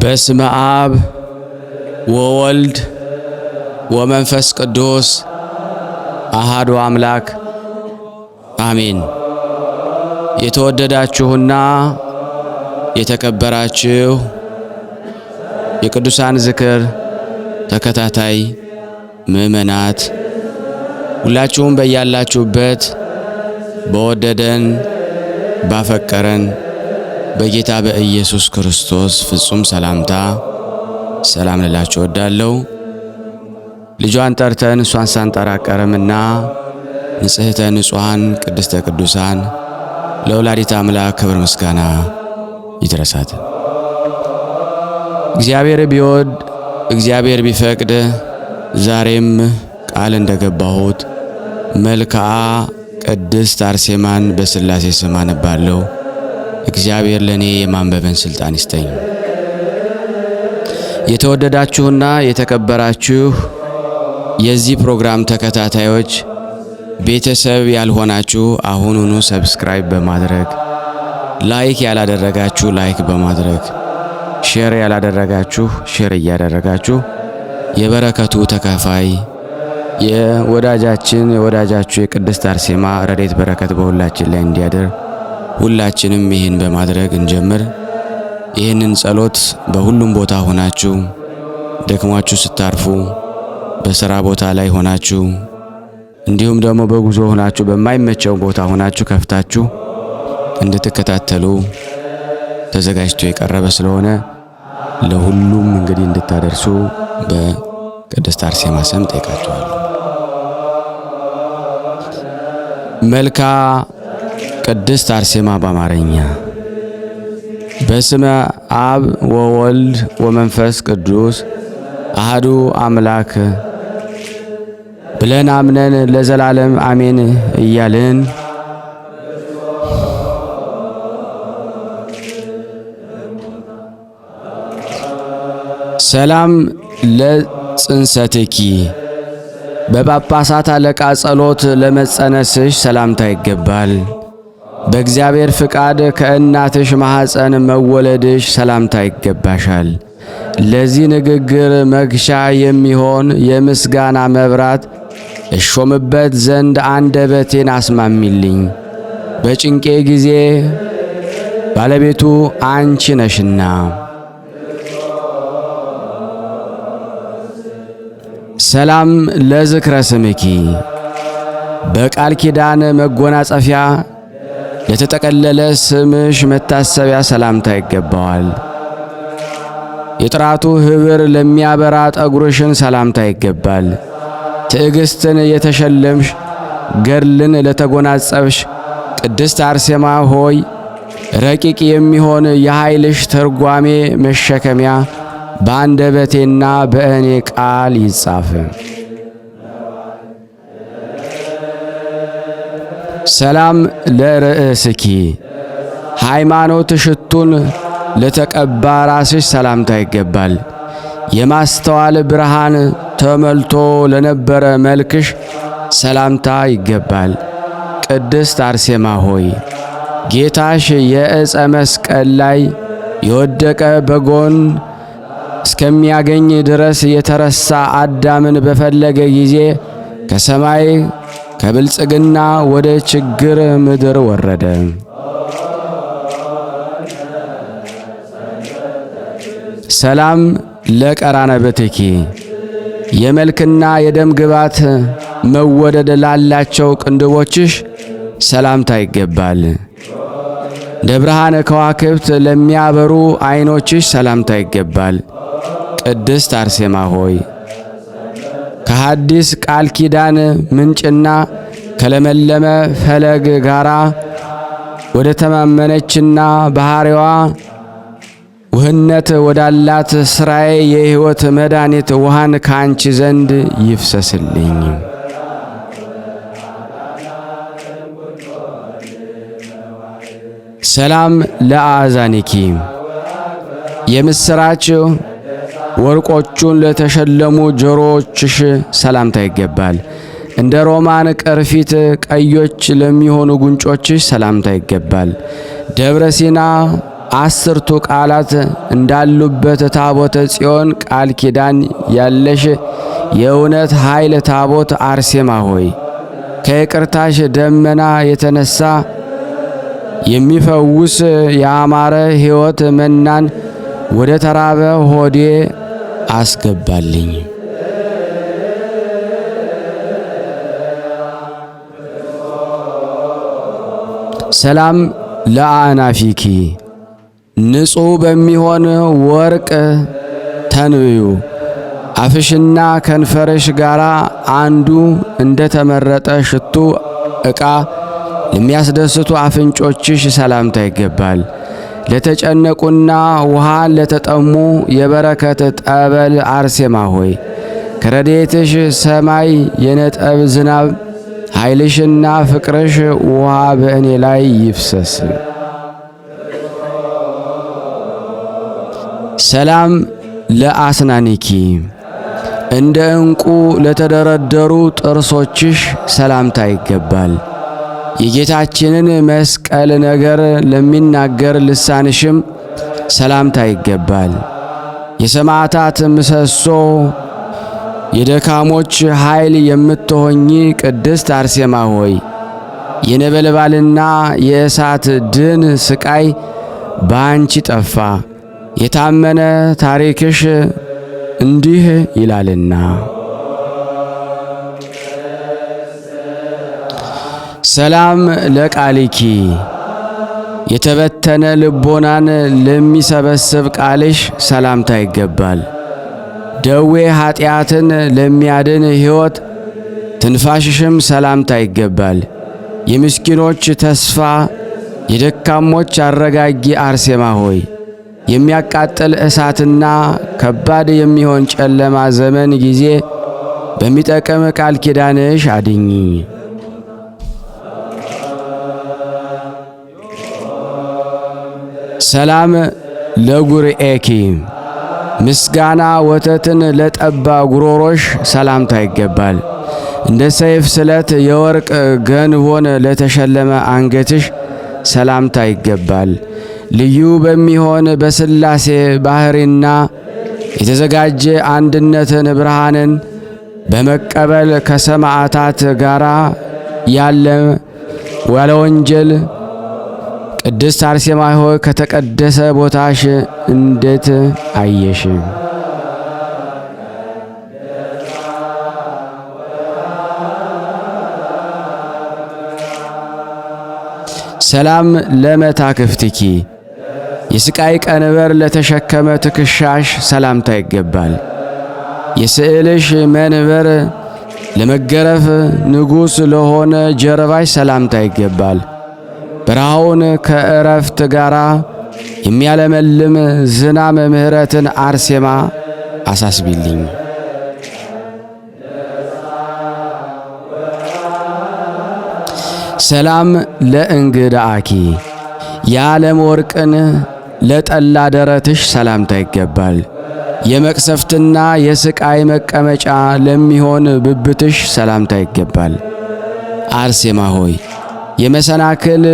በስመ አብ ወወልድ ወመንፈስ ቅዱስ አሃዱ አምላክ አሜን። የተወደዳችሁና የተከበራችሁ የቅዱሳን ዝክር ተከታታይ ምእመናት ሁላችሁም በያላችሁበት በወደደን ባፈቀረን በጌታ በኢየሱስ ክርስቶስ ፍጹም ሰላምታ ሰላም ልላችሁ እወዳለሁ። ልጇን ጠርተን እሷን ሳንጠራ ቀረምና ንጽሕተ ንጹሐን ቅድስተ ቅዱሳን ለወላዲት አምላክ ክብር ምስጋና ይድረሳት። እግዚአብሔር ቢወድ እግዚአብሔር ቢፈቅድ ዛሬም ቃል እንደገባሁት መልክዓ ቅድስት አርሴማን በሥላሴ ስም አነባለሁ። እግዚአብሔር ለእኔ የማንበብን ስልጣን ይስጠኝ። የተወደዳችሁና የተከበራችሁ የዚህ ፕሮግራም ተከታታዮች ቤተሰብ ያልሆናችሁ አሁኑኑ ሰብስክራይብ በማድረግ ላይክ ያላደረጋችሁ ላይክ በማድረግ ሼር ያላደረጋችሁ ሼር እያደረጋችሁ የበረከቱ ተካፋይ የወዳጃችን የወዳጃችሁ የቅድስት አርሴማ ረዴት በረከት በሁላችን ላይ እንዲያደርግ ሁላችንም ይህን በማድረግ እንጀምር። ይህንን ጸሎት በሁሉም ቦታ ሆናችሁ ደክሟችሁ ስታርፉ፣ በስራ ቦታ ላይ ሆናችሁ፣ እንዲሁም ደግሞ በጉዞ ሆናችሁ በማይመቸው ቦታ ሆናችሁ ከፍታችሁ እንድትከታተሉ ተዘጋጅቶ የቀረበ ስለሆነ ለሁሉም እንግዲህ እንድታደርሱ በቅድስት አርሴማ ስም ጠይቃችኋለሁ። መልካ። ቅድስት አርሴማ በአማርኛ በስመ አብ ወወልድ ወመንፈስ ቅዱስ አህዱ አምላክ ብለን አምነን ለዘላለም አሜን እያልን ሰላም ለጽንሰትኪ በጳጳሳት አለቃ ጸሎት ለመጸነስሽ ሰላምታ ይገባል። በእግዚአብሔር ፍቃድ ከእናትሽ ማኅፀን መወለድሽ ሰላምታ ይገባሻል። ለዚህ ንግግር መግሻ የሚሆን የምስጋና መብራት እሾምበት ዘንድ አንደበቴን አስማሚልኝ። በጭንቄ ጊዜ ባለቤቱ አንቺ ነሽና። ሰላም ለዝክረ ስምኪ በቃል ኪዳን መጎናጸፊያ ለተጠቀለለ ስምሽ መታሰቢያ ሰላምታ ይገባዋል። የጥራቱ ኅብር ለሚያበራ ጠጉርሽን ሰላምታ ይገባል። ትዕግስትን የተሸለምሽ ገድልን ለተጎናጸብሽ ቅድስት አርሴማ ሆይ ረቂቅ የሚሆን የኃይልሽ ተርጓሜ መሸከሚያ በአንደበቴና በእኔ ቃል ይጻፍም። ሰላም ለርእስኪ ሃይማኖት ሽቱን ለተቀባ ራስሽ ሰላምታ ይገባል። የማስተዋል ብርሃን ተሞልቶ ለነበረ መልክሽ ሰላምታ ይገባል። ቅድስት አርሴማ ሆይ ጌታሽ የዕፀ መስቀል ላይ የወደቀ በጎን እስከሚያገኝ ድረስ የተረሳ አዳምን በፈለገ ጊዜ ከሰማይ ከብልጽግና ወደ ችግር ምድር ወረደ። ሰላም ለቀራነ በቴኪ የመልክና የደም ግባት መወደድ ላላቸው ቅንድቦችሽ ሰላምታ ይገባል። ደብርሃነ ከዋክብት ለሚያበሩ ዐይኖችሽ ሰላምታ ይገባል። ቅድስት አርሴማ ሆይ ከሐዲስ ቃል ኪዳን ምንጭና ከለመለመ ፈለግ ጋራ ወደ ተማመነችና ባህሪዋ ውህነት ወዳላት ስራዬ የሕይወት መድኃኒት ውሃን ከአንቺ ዘንድ ይፍሰስልኝ። ሰላም ለአዛኒኪ የምሥራች ወርቆቹን ለተሸለሙ ጆሮዎችሽ ሰላምታ ይገባል። እንደ ሮማን ቅርፊት ቀዮች ለሚሆኑ ጉንጮችሽ ሰላምታ ይገባል። ደብረ ሲና አስርቱ ቃላት እንዳሉበት ታቦተ ጽዮን ቃል ኪዳን ያለሽ የእውነት ኃይል ታቦት አርሴማ ሆይ ከይቅርታሽ ደመና የተነሳ የሚፈውስ ያማረ ሕይወት መናን ወደ ተራበ ሆዴ አስገባልኝ። ሰላም ለአናፊኪ ንጹሕ በሚሆን ወርቅ ተንብዩ አፍሽና ከንፈርሽ ጋር አንዱ እንደ ተመረጠ ሽቱ ዕቃ ለሚያስደስቱ አፍንጮችሽ ሰላምታ ይገባል። ለተጨነቁና ውሃን ለተጠሙ የበረከት ጠበል አርሴማ ሆይ ከረዴትሽ ሰማይ የነጠብ ዝናብ ኃይልሽና ፍቅርሽ ውሃ በእኔ ላይ ይፍሰስ። ሰላም ለአስናኒኪ እንደ ዕንቁ ለተደረደሩ ጥርሶችሽ ሰላምታ ይገባል። የጌታችንን መስቀል ነገር ለሚናገር ልሳንሽም ሰላምታ ይገባል። የሰማዕታት ምሰሶ የደካሞች ኃይል የምትሆኚ ቅድስት አርሴማ ሆይ የነበልባልና የእሳት ድን ስቃይ በአንቺ ጠፋ፣ የታመነ ታሪክሽ እንዲህ ይላልና ሰላም ለቃልኪ የተበተነ ልቦናን ለሚሰበስብ ቃልሽ ሰላምታ ይገባል። ደዌ ኀጢአትን ለሚያድን ሕይወት ትንፋሽሽም ሰላምታ ይገባል። የምስኪኖች ተስፋ፣ የደካሞች አረጋጊ አርሴማ ሆይ የሚያቃጥል እሳትና ከባድ የሚሆን ጨለማ ዘመን ጊዜ በሚጠቅም ቃል ኪዳንሽ አድኚ። ሰላም ለጉርኤኪ ምስጋና ወተትን ለጠባ ጉሮሮሽ ሰላምታ ይገባል። እንደ ሰይፍ ስለት የወርቅ ገንቦን ለተሸለመ አንገትሽ ሰላምታ ይገባል። ልዩ በሚሆን በስላሴ ባሕሪና የተዘጋጀ አንድነትን ብርሃንን በመቀበል ከሰማዕታት ጋር ያለ ያለ ወንጀል ቅድስት አርሴማ ሆይ ከተቀደሰ ቦታሽ እንዴት አየሽ? ሰላም ለመታ ክፍትኪ የስቃይ ቀንበር ለተሸከመ ትከሻሽ ሰላምታ ይገባል። የስዕልሽ መንበር ለመገረፍ ንጉሥ ለሆነ ጀርባሽ ሰላምታ ይገባል። በረሃውን ከእረፍት ጋር የሚያለመልም ዝናም ምሕረትን አርሴማ አሳስቢልኝ። ሰላም ለእንግዳአኪ የዓለም ወርቅን ለጠላ ደረትሽ ሰላምታ ይገባል። የመቅሰፍትና የስቃይ መቀመጫ ለሚሆን ብብትሽ ሰላምታ ይገባል። አርሴማ ሆይ የመሰናክል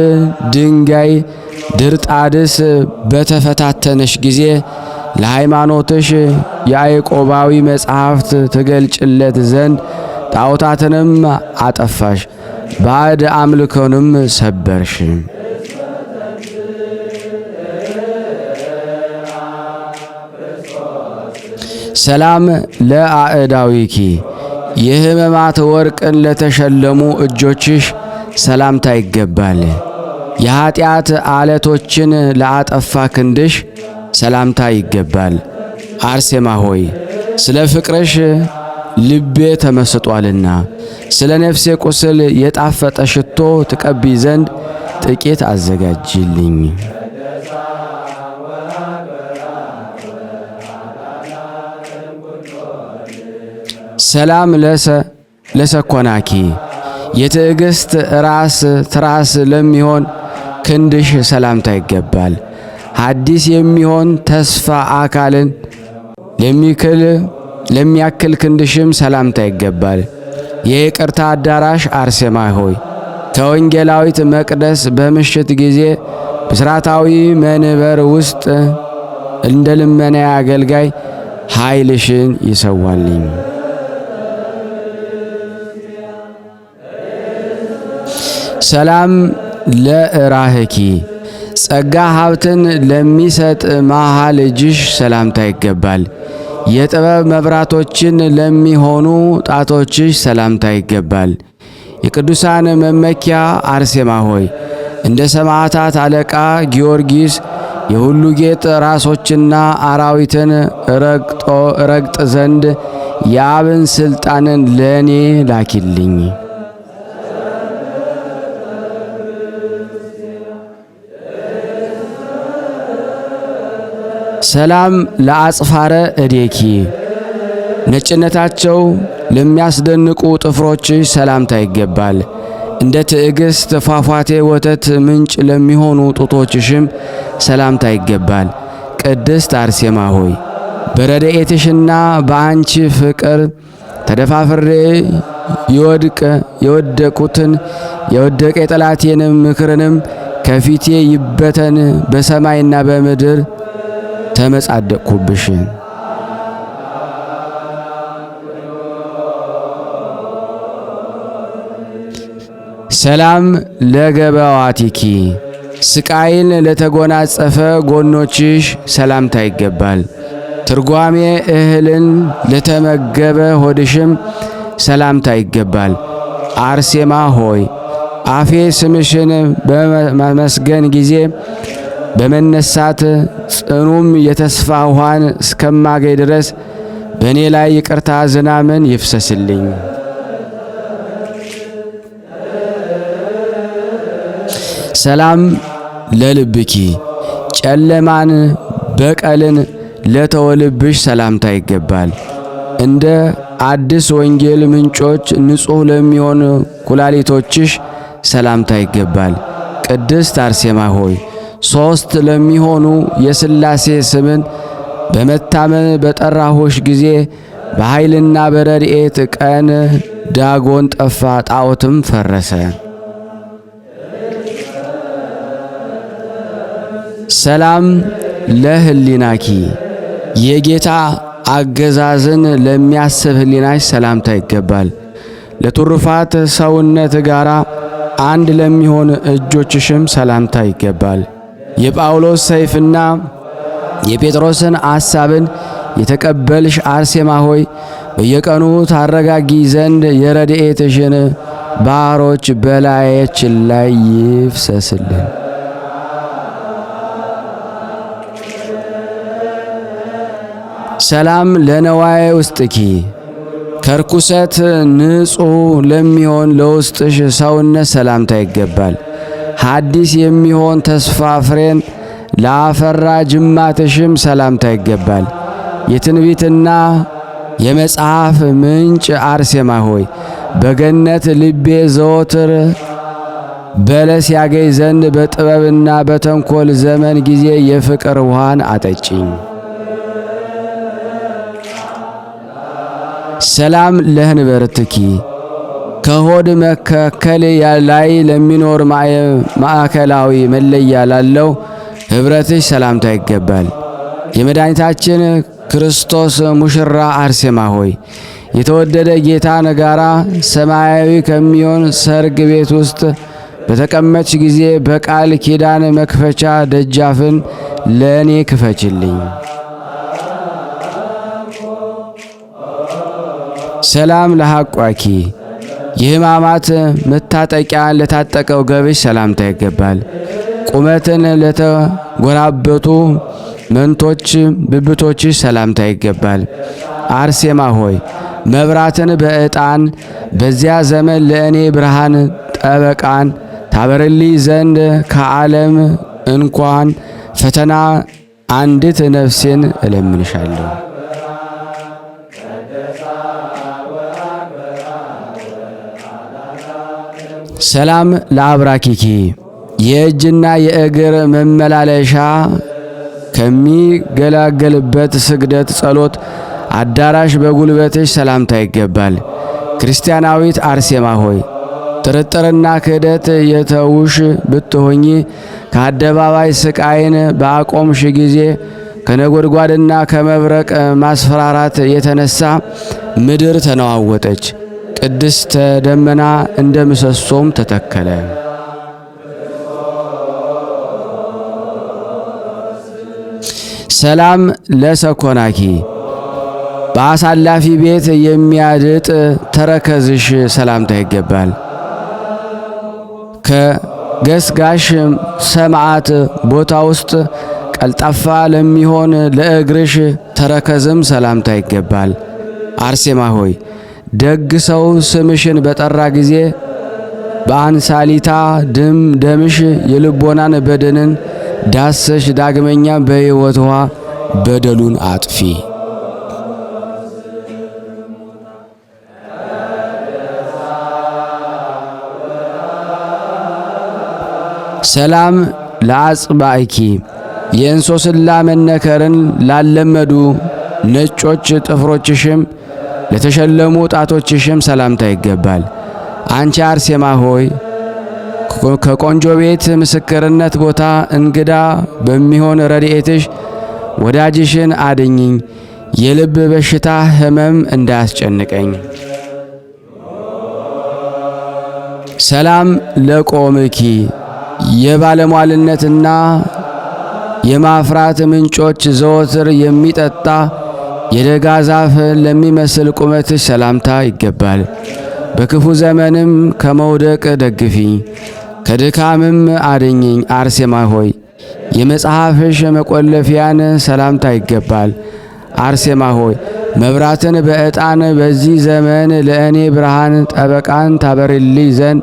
ድንጋይ ድርጣድስ በተፈታተነሽ ጊዜ ለሃይማኖትሽ የአይቆባዊ መጽሐፍት ትገልጭለት ዘንድ ጣዖታትንም አጠፋሽ፣ ባዕድ አምልኮንም ሰበርሽ። ሰላም ለአእዳዊኪ የህመማት ወርቅን ለተሸለሙ እጆችሽ ሰላምታ ይገባል። የኀጢአት አለቶችን ለአጠፋ ክንድሽ ሰላምታ ይገባል። አርሴማ ሆይ ስለ ፍቅርሽ ልቤ ተመስጧልና ስለ ነፍሴ ቁስል የጣፈጠ ሽቶ ትቀብይ ዘንድ ጥቂት አዘጋጅልኝ። ሰላም ለሰ ለሰኮናኪ የትዕግስት ራስ ትራስ ለሚሆን ክንድሽ ሰላምታ ይገባል። አዲስ የሚሆን ተስፋ አካልን ለሚክል ለሚያክል ክንድሽም ሰላምታ ይገባል። የይቅርታ አዳራሽ አርሴማ ሆይ ከወንጌላዊት መቅደስ በምሽት ጊዜ ብስራታዊ መንበር ውስጥ እንደ ልመና አገልጋይ ኃይልሽን ይሰዋልኝ። ሰላም ለእራህኪ ጸጋ ሀብትን ለሚሰጥ መሃል እጅሽ ሰላምታ ይገባል። የጥበብ መብራቶችን ለሚሆኑ ጣቶችሽ ሰላምታ ይገባል። የቅዱሳን መመኪያ አርሴማ ሆይ እንደ ሰማዕታት አለቃ ጊዮርጊስ የሁሉ ጌጥ ራሶችና አራዊትን ረግጦ ረግጥ ዘንድ የአብን ሥልጣንን ለእኔ ላኪልኝ። ሰላም ለአጽፋረ እዴኪ ነጭነታቸው ለሚያስደንቁ ጥፍሮችሽ ሰላምታ ይገባል። እንደ ትዕግስት ፏፏቴ ወተት ምንጭ ለሚሆኑ ጡቶችሽም ሰላምታ ይገባል። ቅድስት አርሴማ ሆይ በረድኤትሽና በአንቺ ፍቅር ተደፋፍሬ ይወድቅ የወደቁትን የወደቀ የጠላቴንም ምክርንም ከፊቴ ይበተን በሰማይና በምድር ተመጻደቅኩብሽ። ሰላም ለገበዋቲኪ ስቃይን ለተጎናጸፈ ጎኖችሽ ሰላምታ ይገባል። ትርጓሜ እህልን ለተመገበ ሆድሽም ሰላምታ ይገባል። አርሴማ ሆይ አፌ ስምሽን በመስገን ጊዜ በመነሳት ጽኑም የተስፋ ውሃን እስከማገኝ ድረስ በእኔ ላይ ይቅርታ ዝናምን ይፍሰስልኝ። ሰላም ለልብኪ ጨለማን በቀልን ለተወልብሽ ሰላምታ ይገባል። እንደ አዲስ ወንጌል ምንጮች ንጹሕ ለሚሆን ኩላሊቶችሽ ሰላምታ ይገባል። ቅድስት አርሴማ ሆይ ሶስት ለሚሆኑ የስላሴ ስምን በመታመን በጠራሆሽ ጊዜ በኃይልና በረድኤት ቀን ዳጎን ጠፋ፣ ጣዖትም ፈረሰ። ሰላም ለህሊናኪ የጌታ አገዛዝን ለሚያስብ ህሊናሽ ሰላምታ ይገባል። ለትሩፋት ሰውነት ጋራ አንድ ለሚሆን እጆችሽም ሰላምታ ይገባል። የጳውሎስ ሰይፍና የጴጥሮስን አሳብን የተቀበልሽ አርሴማ ሆይ በየቀኑ ታረጋጊ ዘንድ የረድኤትሽን ባሮች በላያችን ላይ ይፍሰስልን። ሰላም ለነዋይ ውስጥኪ ከርኩሰት ንጹሕ ለሚሆን ለውስጥሽ ሰውነት ሰላምታ ይገባል። አዲስ የሚሆን ተስፋ ፍሬን ለአፈራ ጅማትሽም ሰላምታ ይገባል። የትንቢትና የመጽሐፍ ምንጭ አርሴማ ሆይ በገነት ልቤ ዘወትር በለስ ያገኝ ዘንድ በጥበብና በተንኮል ዘመን ጊዜ የፍቅር ውሃን አጠጪኝ። ሰላም ለህንበርትኪ ከሆድ መካከል ላይ ለሚኖር ማዕከላዊ መለያ ላለው ኅብረትሽ ሰላምታ ይገባል። የመድኃኒታችን ክርስቶስ ሙሽራ አርሴማ ሆይ የተወደደ ጌታ ነጋራ ሰማያዊ ከሚሆን ሰርግ ቤት ውስጥ በተቀመጥሽ ጊዜ በቃል ኪዳን መክፈቻ ደጃፍን ለእኔ ክፈችልኝ። ሰላም ለሐቋኪ የሕማማት መታጠቂያን ለታጠቀው ገብሽ ሰላምታ ይገባል። ቁመትን ለተጎራበቱ መንቶች ብብቶችሽ ሰላምታ ይገባል። አርሴማ ሆይ መብራትን በዕጣን በዚያ ዘመን ለእኔ ብርሃን ጠበቃን ታበርልይ ዘንድ ከዓለም እንኳን ፈተና አንዲት ነፍሴን እለምንሻለሁ። ሰላም ለአብራኪኪ የእጅና የእግር መመላለሻ ከሚገላገልበት ስግደት ጸሎት አዳራሽ በጉልበትሽ ሰላምታ ይገባል። ክርስቲያናዊት አርሴማ ሆይ ጥርጥርና ክህደት የተውሽ ብትሆኚ ከአደባባይ ስቃይን በአቆምሽ ጊዜ ከነጎድጓድና ከመብረቅ ማስፈራራት የተነሳ ምድር ተነዋወጠች። ቅድስተ ደመና እንደ ምሰሶም ተተከለ። ሰላም ለሰኮናኪ በአሳላፊ ቤት የሚያድጥ ተረከዝሽ ሰላምታ ይገባል። ከገስጋሽ ሰማዕት ቦታ ውስጥ ቀልጣፋ ለሚሆን ለእግርሽ ተረከዝም ሰላምታ ይገባል። አርሴማ ሆይ ደግ ሰው ስምሽን በጠራ ጊዜ በአንሳሊታ ድም ደምሽ የልቦናን በደንን ዳሰሽ። ዳግመኛ በሕይወት ውሃ በደሉን አጥፊ። ሰላም ለአጽባእኪ የእንሶስላ መነከርን ላለመዱ ነጮች ጥፍሮችሽም ለተሸለሙ ጣቶችሽም ሰላምታ ይገባል። አንቺ አርሴማ ሆይ ከቆንጆ ቤት ምስክርነት ቦታ እንግዳ በሚሆን ረድኤትሽ ወዳጅሽን አድኝኝ፣ የልብ በሽታ ሕመም እንዳያስጨንቀኝ። ሰላም ለቆምኪ የባለሟልነትና የማፍራት ምንጮች ዘወትር የሚጠጣ የደጋ ዛፍን ለሚመስል ቁመትሽ ሰላምታ ይገባል። በክፉ ዘመንም ከመውደቅ ደግፊኝ፣ ከድካምም አድኝኝ። አርሴማ ሆይ የመጽሐፍሽ መቆለፊያን ሰላምታ ይገባል። አርሴማ ሆይ መብራትን በዕጣን በዚህ ዘመን ለእኔ ብርሃን ጠበቃን ታበርልኝ ዘንድ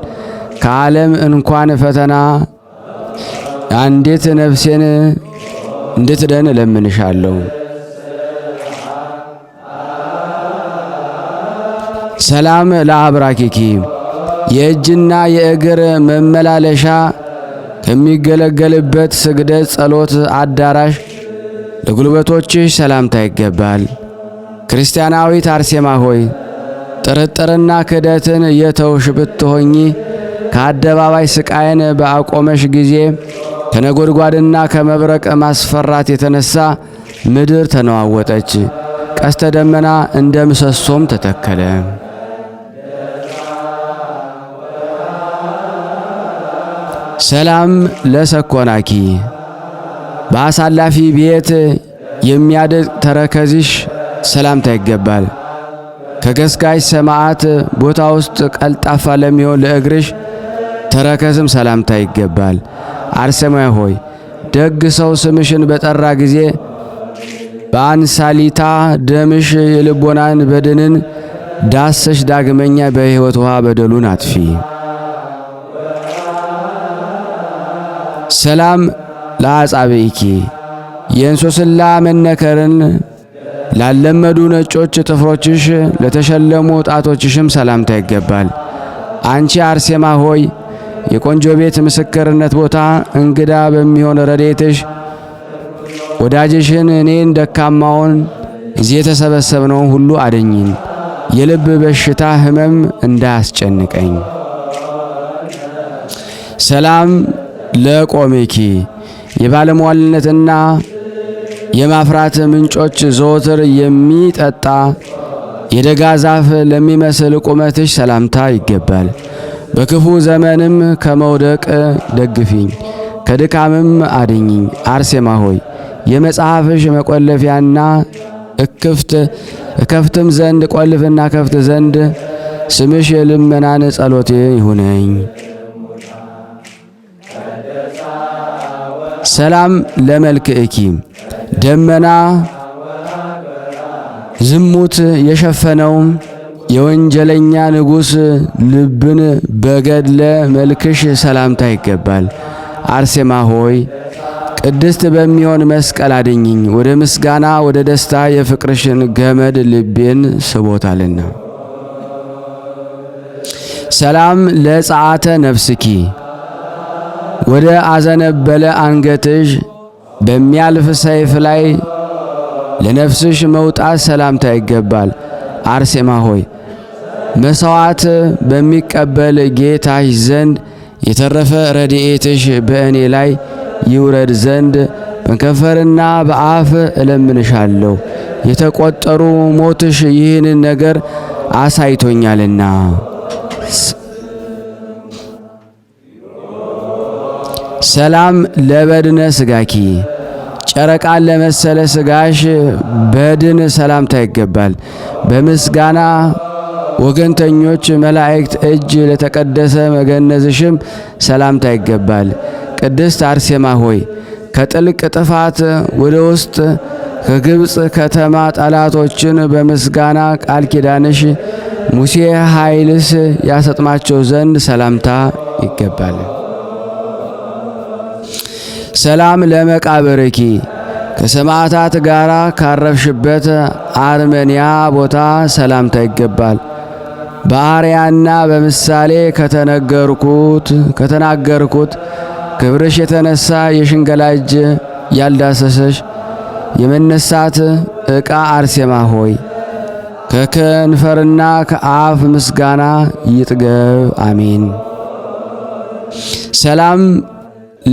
ከዓለም እንኳን ፈተና አንዴት ነፍሴን እንድትደን እለምንሻለሁ። ሰላም ለአብራኪኪ የእጅና የእግር መመላለሻ ከሚገለገልበት ስግደት ጸሎት አዳራሽ ለጉልበቶችሽ ሰላምታ ይገባል። ክርስቲያናዊት አርሴማ ሆይ ጥርጥርና ክደትን የተውሽ ብትሆኚ ከአደባባይ ስቃይን በአቆመሽ ጊዜ ከነጎድጓድና ከመብረቅ ማስፈራት የተነሳ ምድር ተነዋወጠች። ቀስተ ደመና እንደ ምሰሶም ተተከለ። ሰላም ለሰኮናኪ በአሳላፊ ቤት የሚያደግ ተረከዝሽ ሰላምታ ይገባል። ከገስጋሽ ሰማዕት ቦታ ውስጥ ቀልጣፋ ለሚሆን ለእግርሽ ተረከዝም ሰላምታ ይገባል። አርሴማዊ ሆይ ደግ ሰው ስምሽን በጠራ ጊዜ በአንሳሊታ ደምሽ የልቦናን በድንን ዳሰሽ ዳግመኛ በሕይወት ውሃ በደሉን አጥፊ። ሰላም ለአጻብኪ የእንሶስላ መነከርን ላለመዱ ነጮች ጥፍሮችሽ ለተሸለሙ ጣቶችሽም ሰላምታ ይገባል። አንቺ አርሴማ ሆይ የቆንጆ ቤት ምስክርነት ቦታ እንግዳ በሚሆን ረዴትሽ ወዳጅሽን እኔን ደካማውን እዚህ የተሰበሰብነውን ሁሉ አድኝን የልብ በሽታ ህመም እንዳያስጨንቀኝ ሰላም ለቆሜኪ የባለሟልነትና የማፍራት ምንጮች ዘወትር የሚጠጣ የደጋ ዛፍ ለሚመስል ቁመትሽ ሰላምታ ይገባል። በክፉ ዘመንም ከመውደቅ ደግፊኝ፣ ከድካምም አድኝኝ። አርሴማ ሆይ የመጽሐፍሽ መቆለፊያና እክፍት እከፍትም ዘንድ ቆልፍና ከፍት ዘንድ ስምሽ የልመናን ጸሎቴ ይሁነኝ። ሰላም ለመልክእኪ ደመና ዝሙት የሸፈነው የወንጀለኛ ንጉሥ ልብን በገድለ መልክሽ ሰላምታ ይገባል። አርሴማ ሆይ ቅድስት በሚሆን መስቀል አድኝኝ። ወደ ምስጋና ወደ ደስታ የፍቅርሽን ገመድ ልቤን ስቦታልና። ሰላም ለጸአተ ነፍስኪ ወደ አዘነበለ አንገትሽ በሚያልፍ ሰይፍ ላይ ለነፍስሽ መውጣት ሰላምታ ይገባል። አርሴማ ሆይ መሥዋዕት በሚቀበል ጌታሽ ዘንድ የተረፈ ረድኤትሽ በእኔ ላይ ይውረድ ዘንድ በከንፈርና በአፍ እለምንሻለሁ። የተቆጠሩ ሞትሽ ይህንን ነገር አሳይቶኛልና ሰላም ለበድነ ስጋኪ ጨረቃን ለመሰለ ስጋሽ በድን ሰላምታ ይገባል። በምስጋና ወገንተኞች መላእክት እጅ ለተቀደሰ መገነዝሽም ሰላምታ ይገባል። ቅድስት አርሴማ ሆይ ከጥልቅ ጥፋት ወደ ውስጥ ከግብፅ ከተማ ጠላቶችን በምስጋና ቃል ኪዳንሽ ሙሴ ኃይልስ ያሰጥማቸው ዘንድ ሰላምታ ይገባል። ሰላም ለመቃብርኪ ከሰማዕታት ጋር ካረፍሽበት አርመንያ ቦታ ሰላምታ ይገባል። በአርያና በምሳሌ ከተነገርኩት ከተናገርኩት ክብርሽ የተነሳ የሽንገላ እጅ ያልዳሰሰሽ የመነሳት ዕቃ አርሴማ ሆይ ከከንፈርና ከአፍ ምስጋና ይጥገብ። አሜን። ሰላም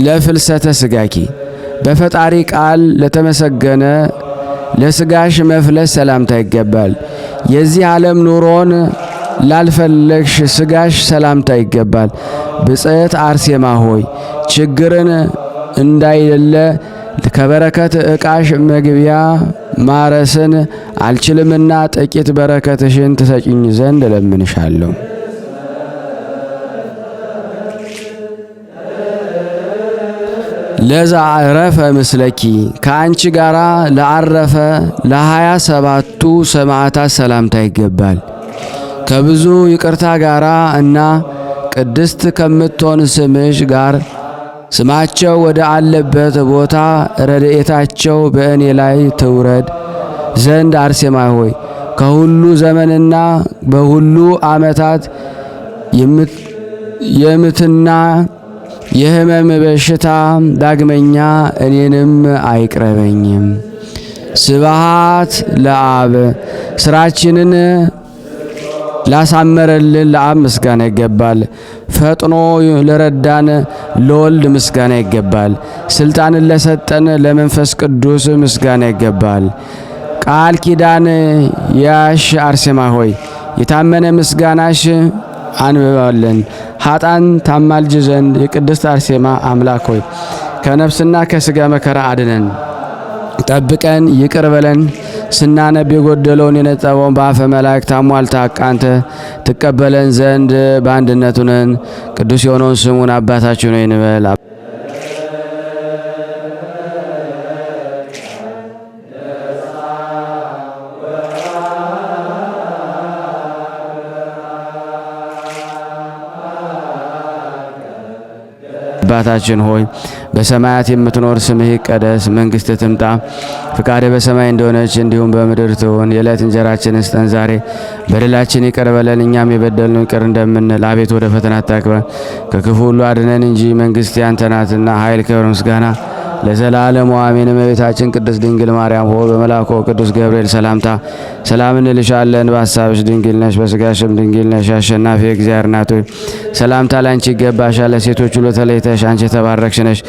ለፍልሰተ ስጋኪ በፈጣሪ ቃል ለተመሰገነ ለስጋሽ መፍለስ ሰላምታ ይገባል። የዚህ ዓለም ኑሮን ላልፈለግሽ ስጋሽ ሰላምታ ይገባል። ብጽዕት አርሴማ ሆይ ችግርን እንዳይደለ ከበረከት እቃሽ መግቢያ ማረስን አልችልምና ጥቂት በረከትሽን ትሰጪኝ ዘንድ እለምንሻለሁ። ለዛ አረፈ ምስለኪ ከአንቺ ጋር ለአረፈ ለሃያ ሰባቱ ሰማዕታት ሰላምታ ይገባል። ከብዙ ይቅርታ ጋራ እና ቅድስት ከምትሆን ስምሽ ጋር ስማቸው ወደ አለበት ቦታ ረድኤታቸው በእኔ ላይ ትውረድ ዘንድ አርሴማ ሆይ ከሁሉ ዘመንና በሁሉ ዓመታት የምትና የህመም በሽታ ዳግመኛ እኔንም አይቅረበኝም። ስብሃት ለአብ ስራችንን ላሳመረልን ለአብ ምስጋና ይገባል። ፈጥኖ ለረዳን ለወልድ ምስጋና ይገባል። ስልጣንን ለሰጠን ለመንፈስ ቅዱስ ምስጋና ይገባል። ቃል ኪዳን ያሽ አርሴማ ሆይ የታመነ ምስጋናሽ አንብባለን ሀጣን ታማልጅ ዘንድ የቅድስት አርሴማ አምላክ ሆይ ከነፍስና ከስጋ መከራ አድነን፣ ጠብቀን፣ ይቅር በለን። ስናነብ የጎደለውን የነጠበውን በአፈ መላእክት አሟልታ አቃንተ ትቀበለን ዘንድ በአንድነት ሁነን ቅዱስ የሆነውን ስሙን አባታችን ሆይ እንበል። አባታችን ሆይ በሰማያት የምትኖር ስምህ ይቀደስ፣ መንግስት ትምጣ፣ ፍቃድ በሰማይ እንደሆነች እንዲሁም በምድር ትሆን። የዕለት እንጀራችንን ስጠን ዛሬ፣ በደላችን ይቅር በለን እኛም የበደልን ይቅር እንደምንል፣ አቤት ወደ ፈተና አታግባን፣ ከክፉ ሁሉ አድነን እንጂ መንግስት ያንተ ናትና ኃይል፣ ክብር፣ ምስጋና ለዘላለሙ አሜን። እመቤታችን ቅድስት ድንግል ማርያም ሆይ በመልአኩ ቅዱስ ገብርኤል ሰላምታ ሰላም እንልሻለን። በሐሳብሽ ድንግል ነሽ፣ በስጋሽም ድንግል ነሽ። አሸናፊ እግዚአብሔር እናት ሆይ ሰላምታ ላንቺ ይገባሻል። ለሴቶች ሁሉ ተለይተሽ አንቺ የተባረክሽ ነሽ።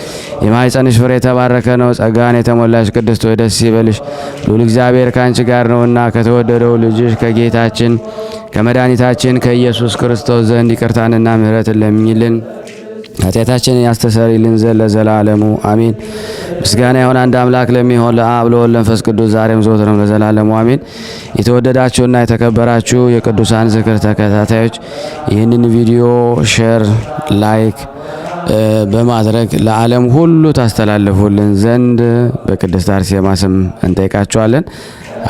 የማኅፀንሽ ፍሬ የተባረከ ነው። ጸጋን የተሞላሽ ቅድስት ሆይ ደስ ይበልሽ፣ ልዑል እግዚአብሔር ከአንቺ ጋር ነውና ከተወደደው ልጅሽ ከጌታችን ከመድኃኒታችን ከኢየሱስ ክርስቶስ ዘንድ ይቅርታንና ምሕረትን ለምኝልን ኃጢአታችንን ያስተሰርይልን ዘንድ ለዘላለሙ አሜን። ምስጋና የሆነ አንድ አምላክ ለሚሆን ለአብ ለወልድ ለመንፈስ ቅዱስ ዛሬም ዘወትርም ለዘላለሙ አሜን። የተወደዳችሁና የተከበራችሁ የቅዱሳን ዝክር ተከታታዮች ይህንን ቪዲዮ ሼር፣ ላይክ በማድረግ ለዓለም ሁሉ ታስተላልፉልን ዘንድ በቅድስት አርሴማ ስም እንጠይቃችኋለን።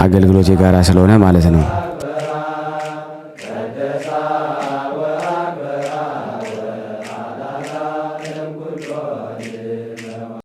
አገልግሎት የጋራ ስለሆነ ማለት ነው።